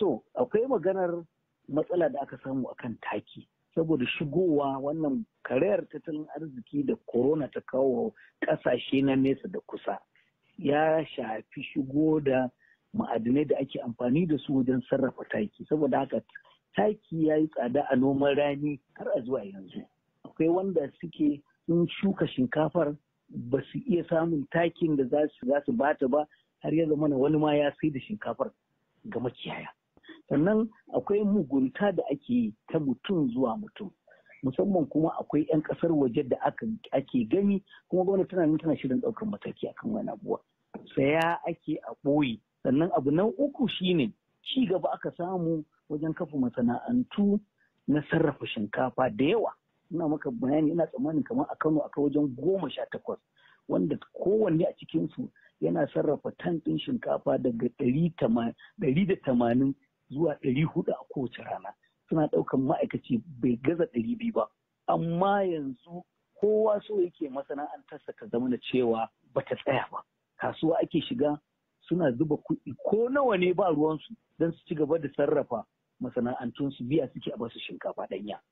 To, akwai maganar matsala da aka samu akan taki. Saboda shigowa wannan karayar tattalin arziki da corona ta kawo ƙasashe na nesa da kusa ya shafi shigo da ma'adinai da ake amfani da su wajen sarrafa taki. Saboda haka taki ya yi tsada a noman rani har a zuwa yanzu. Akwai wanda suke sun shuka shinkafar ba su iya samun takin da za su bata ba har ya zama wani ma ya sai da shinkafar ga makiyaya. sannan akwai mugunta da ake yi ta mutum zuwa mutum musamman kuma akwai 'yan kasar waje da ake gani kuma gwamnati tana tana shirin ɗaukar mataki akan wani abuwa saya ake a ɓoye sannan abu na uku shine ci gaba aka samu wajen kafa masana'antu na sarrafa shinkafa da yawa ina maka bayani ina tsammanin kamar a kano akwai wajen goma sha takwas wanda kowanne a cikinsu yana sarrafa tan ɗin shinkafa daga ɗari da tamanin zuwa ɗari hudu a kowace rana suna ɗaukan ma'aikaci bai gaza ɗari biyu ba amma yanzu kowa so yake masana'antarsa ka zama da cewa bata tsaya ba kasuwa ake shiga suna zuba kuɗi ko nawa ne ba ruwansu don su ci gaba da sarrafa masana'antunsu biya suke a basu shinkafa ɗanya